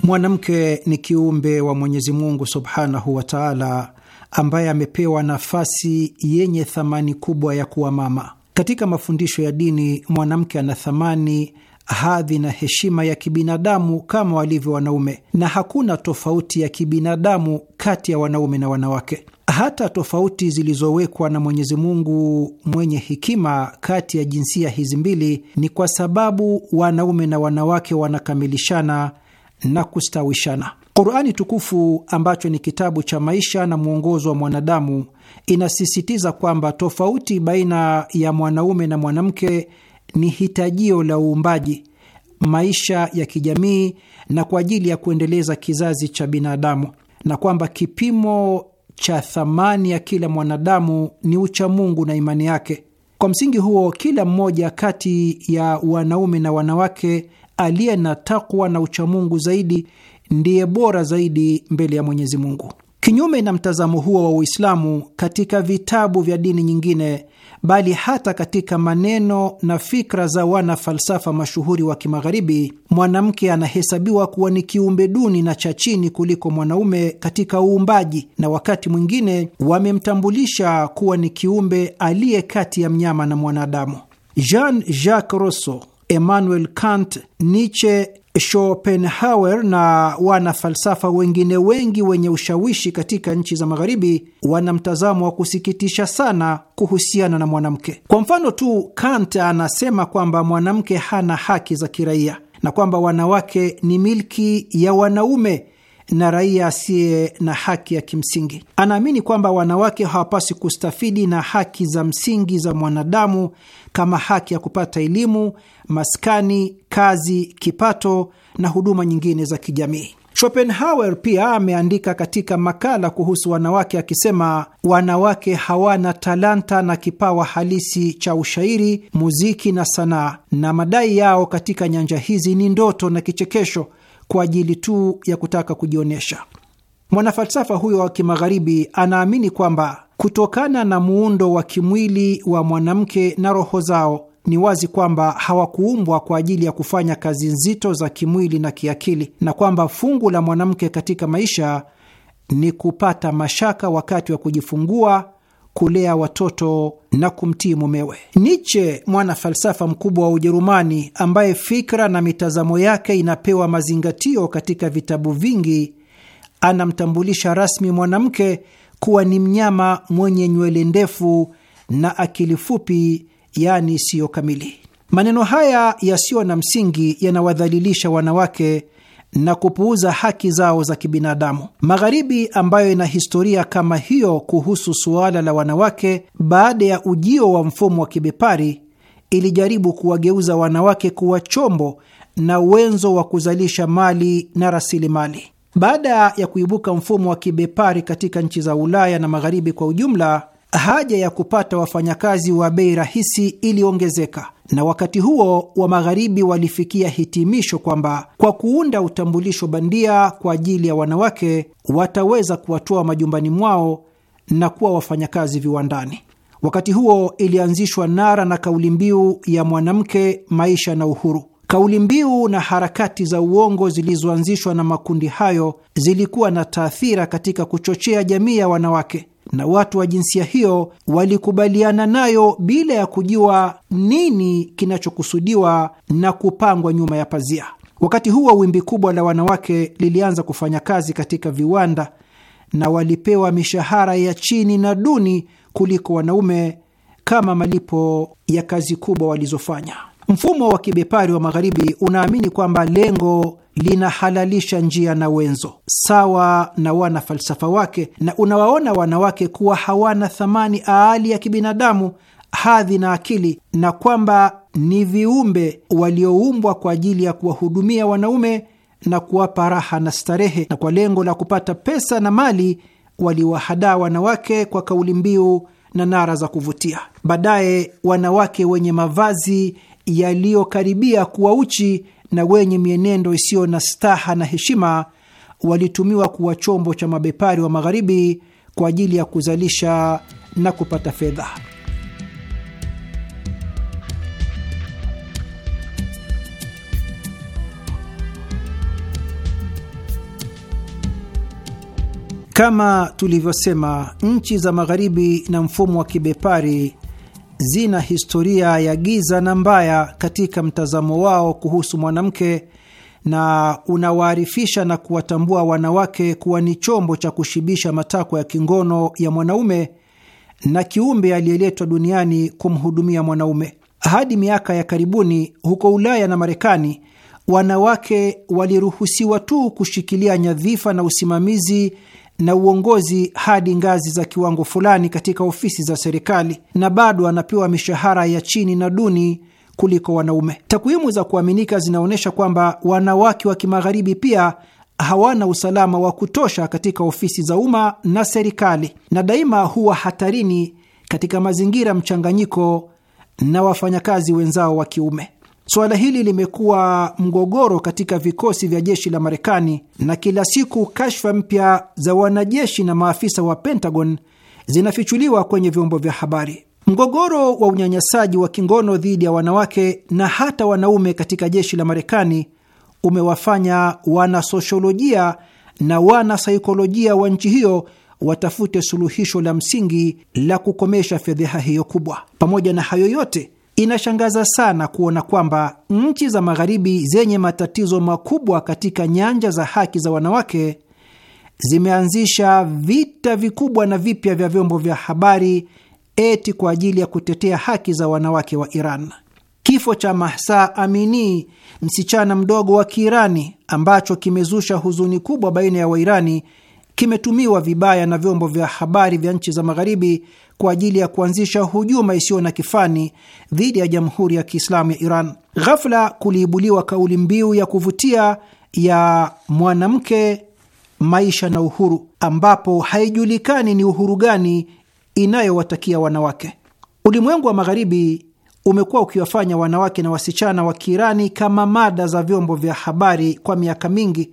Mwanamke ni kiumbe wa Mwenyezi Mungu subhanahu wa taala ambaye amepewa nafasi yenye thamani kubwa ya kuwa mama. Katika mafundisho ya dini, mwanamke ana thamani, hadhi na heshima ya kibinadamu kama walivyo wanaume, na hakuna tofauti ya kibinadamu kati ya wanaume na wanawake. Hata tofauti zilizowekwa na Mwenyezi Mungu mwenye hekima kati ya jinsia hizi mbili ni kwa sababu wanaume na wanawake wanakamilishana na kustawishana. Qurani tukufu ambacho ni kitabu cha maisha na mwongozo wa mwanadamu inasisitiza kwamba tofauti baina ya mwanaume na mwanamke ni hitajio la uumbaji, maisha ya kijamii na kwa ajili ya kuendeleza kizazi cha binadamu, na kwamba kipimo cha thamani ya kila mwanadamu ni uchamungu na imani yake. Kwa msingi huo, kila mmoja kati ya wanaume na wanawake aliye na takwa na uchamungu zaidi ndiye bora zaidi mbele ya Mwenyezi Mungu. Kinyume na mtazamo huo wa Uislamu katika vitabu vya dini nyingine, bali hata katika maneno na fikra za wana falsafa mashuhuri wa Kimagharibi, mwanamke anahesabiwa kuwa ni kiumbe duni na cha chini kuliko mwanaume katika uumbaji, na wakati mwingine wamemtambulisha kuwa ni kiumbe aliye kati ya mnyama na mwanadamu. Jean Jacques Rousseau Emmanuel Kant, Nietzsche, Schopenhauer na wanafalsafa wengine wengi wenye ushawishi katika nchi za Magharibi wana mtazamo wa kusikitisha sana kuhusiana na mwanamke. Kwa mfano tu, Kant anasema kwamba mwanamke hana haki za kiraia na kwamba wanawake ni milki ya wanaume na raia asiye na haki ya kimsingi. Anaamini kwamba wanawake hawapasi kustafidi na haki za msingi za mwanadamu kama haki ya kupata elimu, maskani, kazi, kipato na huduma nyingine za kijamii. Schopenhauer pia ameandika katika makala kuhusu wanawake akisema, wanawake hawana talanta na kipawa halisi cha ushairi, muziki na sanaa, na madai yao katika nyanja hizi ni ndoto na kichekesho kwa ajili tu ya kutaka kujionyesha. Mwanafalsafa huyo wa kimagharibi anaamini kwamba kutokana na muundo wa kimwili wa mwanamke na roho zao, ni wazi kwamba hawakuumbwa kwa ajili ya kufanya kazi nzito za kimwili na kiakili, na kwamba fungu la mwanamke katika maisha ni kupata mashaka wakati wa kujifungua kulea watoto na kumtii mumewe. Nietzsche, mwana falsafa mkubwa wa Ujerumani, ambaye fikra na mitazamo yake inapewa mazingatio katika vitabu vingi, anamtambulisha rasmi mwanamke kuwa ni mnyama mwenye nywele ndefu na akili fupi, yaani siyo kamili. Maneno haya yasiyo na msingi yanawadhalilisha wanawake na kupuuza haki zao za kibinadamu. Magharibi, ambayo ina historia kama hiyo kuhusu suala la wanawake, baada ya ujio wa mfumo wa kibepari, ilijaribu kuwageuza wanawake kuwa chombo na uwenzo wa kuzalisha mali na rasilimali. Baada ya kuibuka mfumo wa kibepari katika nchi za Ulaya na Magharibi kwa ujumla, haja ya kupata wafanyakazi wa bei rahisi iliongezeka, na wakati huo wa Magharibi walifikia hitimisho kwamba kwa kuunda utambulisho bandia kwa ajili ya wanawake wataweza kuwatoa majumbani mwao na kuwa wafanyakazi viwandani. Wakati huo ilianzishwa nara na kauli mbiu ya mwanamke, maisha na uhuru. Kauli mbiu na harakati za uongo zilizoanzishwa na makundi hayo zilikuwa na taathira katika kuchochea jamii ya wanawake na watu wa jinsia hiyo walikubaliana nayo bila ya kujua nini kinachokusudiwa na kupangwa nyuma ya pazia. Wakati huo wimbi kubwa la wanawake lilianza kufanya kazi katika viwanda na walipewa mishahara ya chini na duni kuliko wanaume kama malipo ya kazi kubwa walizofanya. Mfumo wa kibepari wa Magharibi unaamini kwamba lengo linahalalisha njia na wenzo sawa na wana falsafa wake, na unawaona wanawake kuwa hawana thamani aali ya kibinadamu, hadhi na akili, na kwamba ni viumbe walioumbwa kwa ajili ya kuwahudumia wanaume na kuwapa raha na starehe, na kwa lengo la kupata pesa na mali waliwahadaa wanawake kwa kauli mbiu na nara za kuvutia. Baadaye wanawake wenye mavazi yaliyokaribia kuwa uchi na wenye mienendo isiyo na staha na heshima walitumiwa kuwa chombo cha mabepari wa Magharibi kwa ajili ya kuzalisha na kupata fedha. Kama tulivyosema, nchi za Magharibi na mfumo wa kibepari zina historia ya giza na mbaya katika mtazamo wao kuhusu mwanamke na unawaarifisha na kuwatambua wanawake kuwa ni chombo cha kushibisha matakwa ya kingono ya mwanaume na kiumbe aliyeletwa duniani kumhudumia mwanaume. Hadi miaka ya karibuni huko Ulaya na Marekani, wanawake waliruhusiwa tu kushikilia nyadhifa na usimamizi na uongozi hadi ngazi za kiwango fulani katika ofisi za serikali na bado anapewa mishahara ya chini na duni kuliko wanaume. Takwimu za kuaminika zinaonyesha kwamba wanawake wa kimagharibi pia hawana usalama wa kutosha katika ofisi za umma na serikali, na daima huwa hatarini katika mazingira mchanganyiko na wafanyakazi wenzao wa kiume. Suala hili limekuwa mgogoro katika vikosi vya jeshi la Marekani, na kila siku kashfa mpya za wanajeshi na maafisa wa Pentagon zinafichuliwa kwenye vyombo vya habari. Mgogoro wa unyanyasaji wa kingono dhidi ya wanawake na hata wanaume katika jeshi la Marekani umewafanya wanasosiolojia na wanasaikolojia wa nchi hiyo watafute suluhisho la msingi la kukomesha fedheha hiyo kubwa. Pamoja na hayo yote Inashangaza sana kuona kwamba nchi za magharibi zenye matatizo makubwa katika nyanja za haki za wanawake zimeanzisha vita vikubwa na vipya vya vyombo vya habari eti kwa ajili ya kutetea haki za wanawake wa Iran. Kifo cha Mahsa Amini, msichana mdogo wa Kiirani, ambacho kimezusha huzuni kubwa baina ya Wairani kimetumiwa vibaya na vyombo vya habari vya nchi za Magharibi kwa ajili ya kuanzisha hujuma isiyo na kifani dhidi ya Jamhuri ya Kiislamu ya Iran. Ghafla kuliibuliwa kauli mbiu ya kuvutia ya mwanamke, maisha na uhuru, ambapo haijulikani ni uhuru gani inayowatakia wanawake. Ulimwengu wa Magharibi umekuwa ukiwafanya wanawake na wasichana wa Kiirani kama mada za vyombo vya habari kwa miaka mingi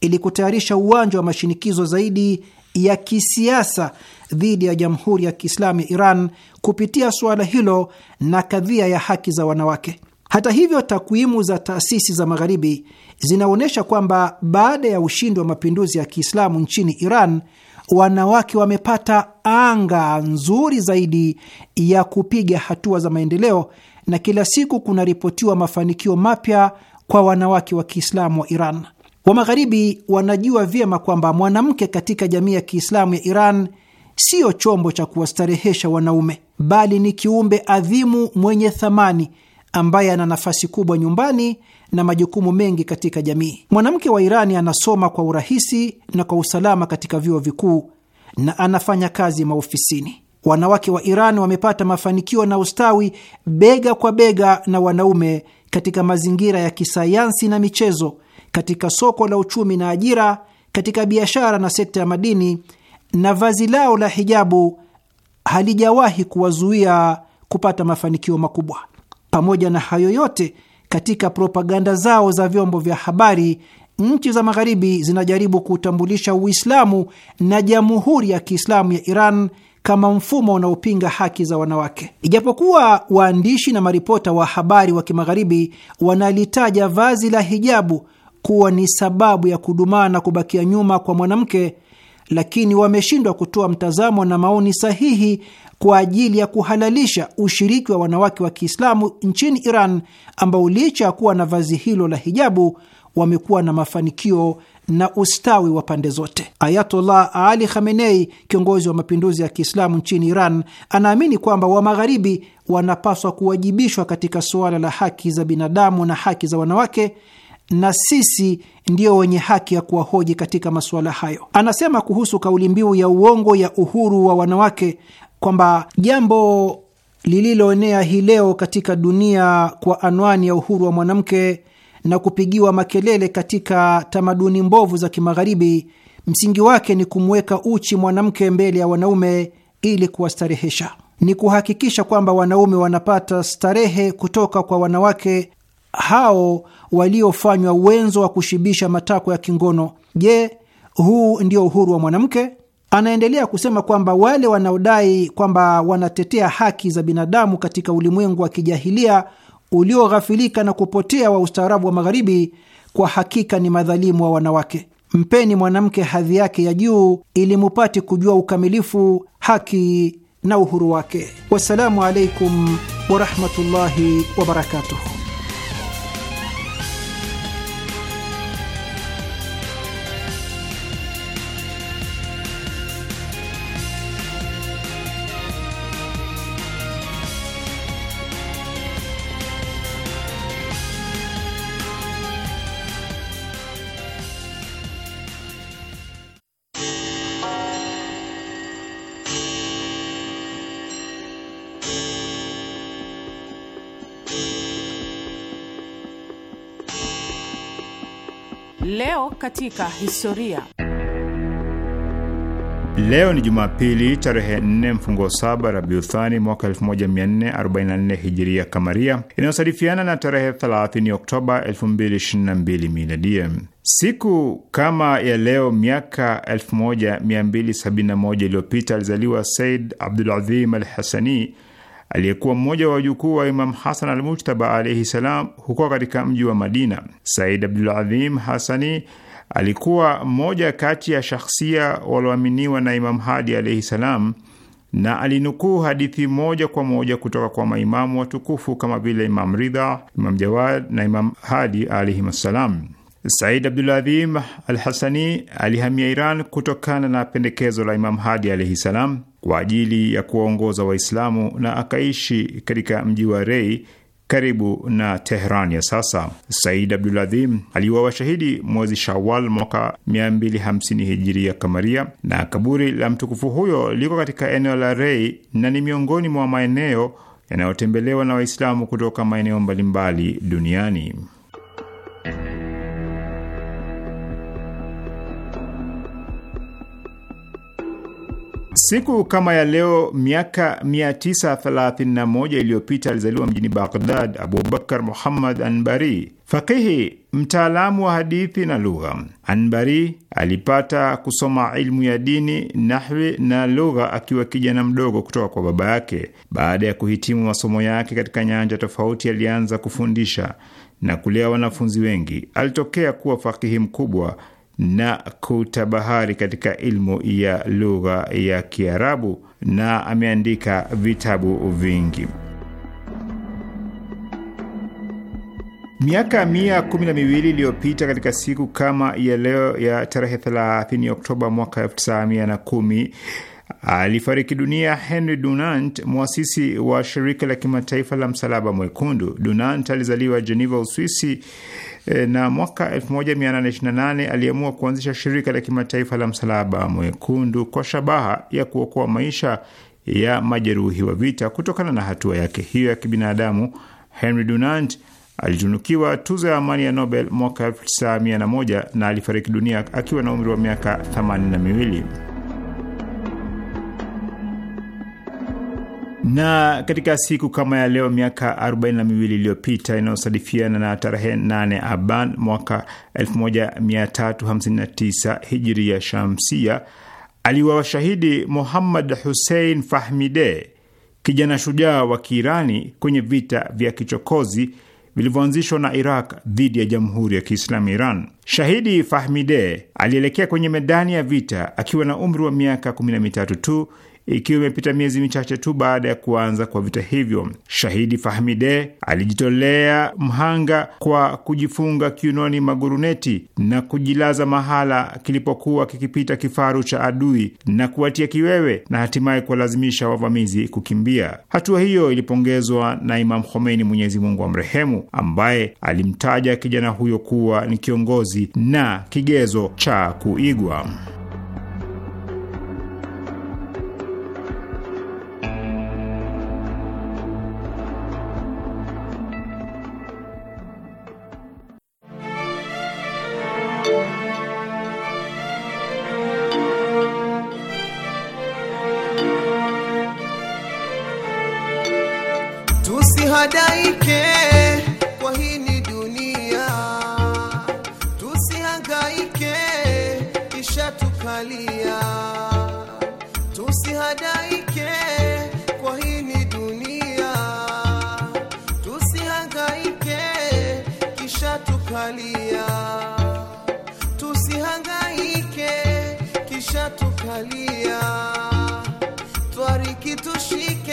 ili kutayarisha uwanja wa mashinikizo zaidi ya kisiasa dhidi ya Jamhuri ya Kiislamu ya Iran kupitia suala hilo na kadhia ya haki za wanawake. Hata hivyo, takwimu za taasisi za Magharibi zinaonyesha kwamba baada ya ushindi wa mapinduzi ya Kiislamu nchini Iran, wanawake wamepata anga nzuri zaidi ya kupiga hatua za maendeleo na kila siku kunaripotiwa mafanikio mapya kwa wanawake wa Kiislamu wa Iran. Wa Magharibi wanajua vyema kwamba mwanamke katika jamii ya Kiislamu ya Iran siyo chombo cha kuwastarehesha wanaume, bali ni kiumbe adhimu mwenye thamani ambaye ana nafasi kubwa nyumbani na majukumu mengi katika jamii. Mwanamke wa Irani anasoma kwa urahisi na kwa usalama katika vyuo vikuu na anafanya kazi maofisini. Wanawake wa Iran wamepata mafanikio na ustawi bega kwa bega na wanaume katika mazingira ya kisayansi na michezo katika soko la uchumi na ajira, katika biashara na sekta ya madini, na vazi lao la hijabu halijawahi kuwazuia kupata mafanikio makubwa. Pamoja na hayo yote, katika propaganda zao za vyombo vya habari, nchi za Magharibi zinajaribu kuutambulisha Uislamu na Jamhuri ya Kiislamu ya Iran kama mfumo unaopinga haki za wanawake. Ijapokuwa waandishi na maripota wa habari wa kimagharibi wanalitaja vazi la hijabu kuwa ni sababu ya kudumaa na kubakia nyuma kwa mwanamke, lakini wameshindwa kutoa mtazamo na maoni sahihi kwa ajili ya kuhalalisha ushiriki wa wanawake wa Kiislamu nchini Iran, ambao licha ya kuwa na vazi hilo la hijabu wamekuwa na mafanikio na ustawi wa pande zote. Ayatollah Ali Khamenei, kiongozi wa mapinduzi ya Kiislamu nchini Iran, anaamini kwamba wa Magharibi wanapaswa kuwajibishwa katika suala la haki za binadamu na haki za wanawake na sisi ndio wenye haki ya kuwahoji katika masuala hayo. Anasema kuhusu kauli mbiu ya uongo ya uhuru wa wanawake kwamba jambo lililoenea hii leo katika dunia kwa anwani ya uhuru wa mwanamke na kupigiwa makelele katika tamaduni mbovu za Kimagharibi, msingi wake ni kumweka uchi mwanamke mbele ya wanaume ili kuwastarehesha. Ni kuhakikisha kwamba wanaume wanapata starehe kutoka kwa wanawake hao waliofanywa wenzo wa kushibisha matakwa ya kingono. Je, huu ndio uhuru wa mwanamke? Anaendelea kusema kwamba wale wanaodai kwamba wanatetea haki za binadamu katika ulimwengu wa kijahilia ulioghafilika na kupotea wa ustaarabu wa Magharibi, kwa hakika ni madhalimu wa wanawake. Mpeni mwanamke hadhi yake ya juu ili mupate kujua ukamilifu, haki na uhuru wake. Wassalamu alaikum warahmatullahi wabarakatuhu. Leo katika historia. Leo ni Jumapili tarehe 4 mfungo saba Rabiuthani mwaka 1444 hijiria kamaria inayosadifiana na tarehe 30 Oktoba 2022 miladia. Siku kama ya leo miaka 1271 iliyopita alizaliwa Said abdulazim alhasani al Hasani, aliyekuwa mmoja wa wajukuu wa Imam Hasan al Mujtaba alaihi salam huko katika mji wa Madina. Said Abdul Adhim Hasani alikuwa mmoja kati ya shakhsia walioaminiwa na Imam Hadi alaihi salam na alinukuu hadithi moja kwa moja kutoka kwa maimamu watukufu kama vile Imam Ridha, Imam Jawad na Imam Hadi alaihim assalam. Said Abduladhim al Hasani alihamia Iran kutokana na pendekezo la Imam Hadi alaihi salam kwa ajili ya kuwaongoza Waislamu na akaishi katika mji wa Rei karibu na Tehran ya sasa. Said Abduladhim aliwa washahidi mwezi Shawal mwaka 250 hijiria kamaria, na kaburi la mtukufu huyo liko katika eneo la Rei na ni miongoni mwa maeneo yanayotembelewa na Waislamu kutoka maeneo mbalimbali duniani. Siku kama ya leo miaka 931 iliyopita alizaliwa mjini Baghdad Abubakar Muhammad Anbari, fakihi mtaalamu wa hadithi na lugha. Anbari alipata kusoma ilmu ya dini, nahwi na lugha akiwa kijana mdogo kutoka kwa baba yake. Baada ya kuhitimu masomo yake katika nyanja tofauti, alianza kufundisha na kulea wanafunzi wengi. Alitokea kuwa fakihi mkubwa na kutabahari katika ilmu ya lugha ya Kiarabu na ameandika vitabu vingi. Miaka mia kumi na miwili iliyopita katika siku kama ya leo ya tarehe 30 Oktoba mwaka 1910 alifariki dunia Henry Dunant, mwasisi wa shirika la kimataifa la msalaba mwekundu. Dunant alizaliwa Geneva, Uswisi Eh, na mwaka 1828 aliamua kuanzisha shirika la kimataifa la Msalaba Mwekundu kwa shabaha ya kuokoa maisha ya majeruhi wa vita. Kutokana na hatua yake hiyo ya kibinadamu, Henry Dunant alitunukiwa tuzo ya amani ya Nobel mwaka 1901 na alifariki dunia akiwa na umri wa miaka 82. Na katika siku kama ya leo miaka 4 miwili iliyopita inayosadifiana na tarehe 8 Aban mwaka 1359 ya shamsia aliuawa shahidi Muhammad Hussein Fahmide, kijana shujaa wa Kiirani kwenye vita vya kichokozi vilivyoanzishwa na Iraq dhidi ya Jamhuri ya Kiislamu Iran. Shahidi Fahmide alielekea kwenye medani ya vita akiwa na umri wa miaka 13 na tu ikiwa imepita miezi michache tu baada ya kuanza kwa vita hivyo. Shahidi Fahmide alijitolea mhanga kwa kujifunga kiunoni maguruneti na kujilaza mahala kilipokuwa kikipita kifaru cha adui na kuwatia kiwewe na hatimaye kuwalazimisha wavamizi kukimbia. Hatua hiyo ilipongezwa na Imam Khomeini, Mwenyezi Mungu amrehemu, ambaye alimtaja kijana huyo kuwa ni kiongozi na kigezo cha kuigwa. tukalia, tusihangaike kisha tukalia, twariki tushike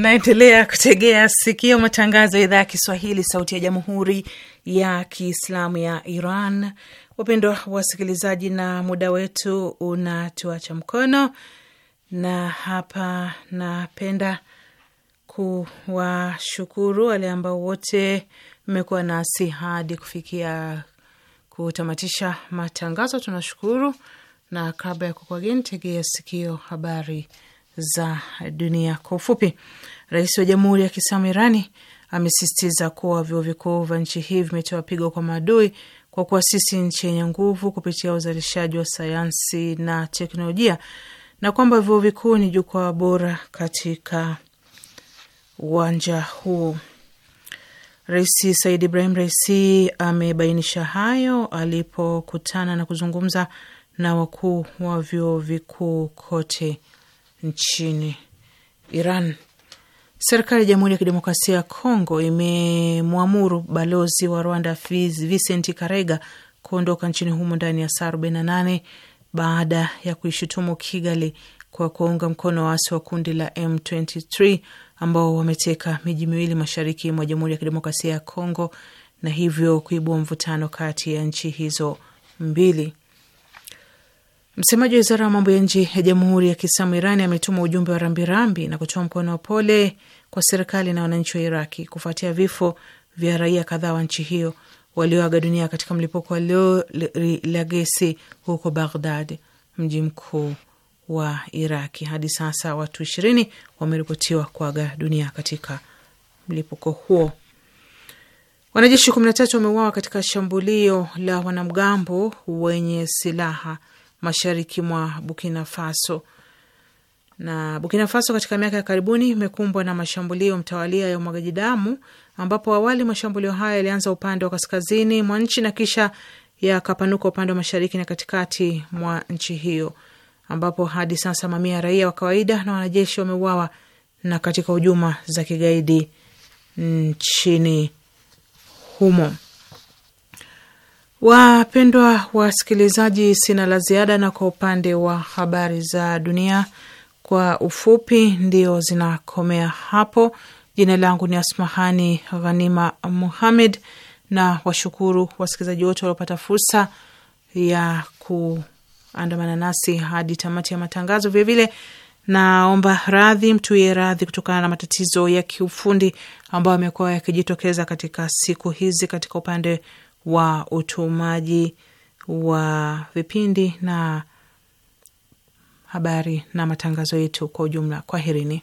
Naendelea kutegea sikio matangazo ya idhaa ya Kiswahili, sauti ya jamhuri ya kiislamu ya Iran. Wapendwa wasikilizaji, na muda wetu unatuacha mkono, na hapa napenda kuwashukuru wale ambao wote mmekuwa nasi hadi kufikia kutamatisha matangazo. Tunashukuru, na kabla ya kukwageni, tegea sikio habari za dunia. Kwa ufupi, rais wa Jamhuri ya Kiislamu Irani amesisitiza kuwa vyuo vikuu vya nchi hii vimetoa pigo kwa maadui kwa kuasisi nchi yenye nguvu kupitia uzalishaji wa sayansi na teknolojia na kwamba vyuo vikuu ni jukwaa bora katika uwanja huu. rais Said Ibrahim Raisi amebainisha hayo alipokutana na kuzungumza na wakuu wa vyuo vikuu kote nchini Iran. Serikali ya Jamhuri ya Kidemokrasia ya Kongo imemwamuru balozi wa Rwanda Vincent Karega kuondoka nchini humo ndani ya saa 48 baada ya kuishutumu Kigali kwa kuwaunga mkono waasi wa kundi la M23 ambao wameteka miji miwili mashariki mwa Jamhuri ya Kidemokrasia ya Kongo na hivyo kuibua mvutano kati ya nchi hizo mbili. Msemaji wa wizara ya mambo ya nje ya Jamhuri ya Kiislamu Irani ametuma ujumbe wa rambirambi na kutoa mkono wa pole kwa serikali na wananchi wa Iraki kufuatia vifo vya raia kadhaa wa nchi hiyo walioaga dunia katika mlipuko wa lori la gesi huko Baghdad, mji mkuu wa Iraki. Hadi sasa watu ishirini wameripotiwa kuaga dunia katika mlipuko huo. Wanajeshi kumi na tatu wameuawa katika shambulio la wanamgambo wenye silaha mashariki mwa Burkina Faso. Na Burkina Faso katika miaka ya karibuni imekumbwa na mashambulio mtawalia ya umwagaji damu, ambapo awali mashambulio hayo yalianza upande wa kaskazini mwa nchi na kisha yakapanuka upande wa mashariki na katikati mwa nchi hiyo, ambapo hadi sasa mamia ya raia wa kawaida na wanajeshi wameuawa na katika hujuma za kigaidi nchini humo. Wapendwa wasikilizaji, sina la ziada, na kwa upande wa habari za dunia kwa ufupi ndio zinakomea hapo. Jina langu ni Asmahani Ghanima Muhammed, na washukuru wasikilizaji wote waliopata fursa ya kuandamana nasi hadi tamati ya matangazo. Vilevile naomba radhi, mtuye radhi kutokana na matatizo ya kiufundi ambayo amekuwa yakijitokeza katika siku hizi katika upande wa utumaji wa vipindi na habari na matangazo yetu kwa ujumla. Kwaherini.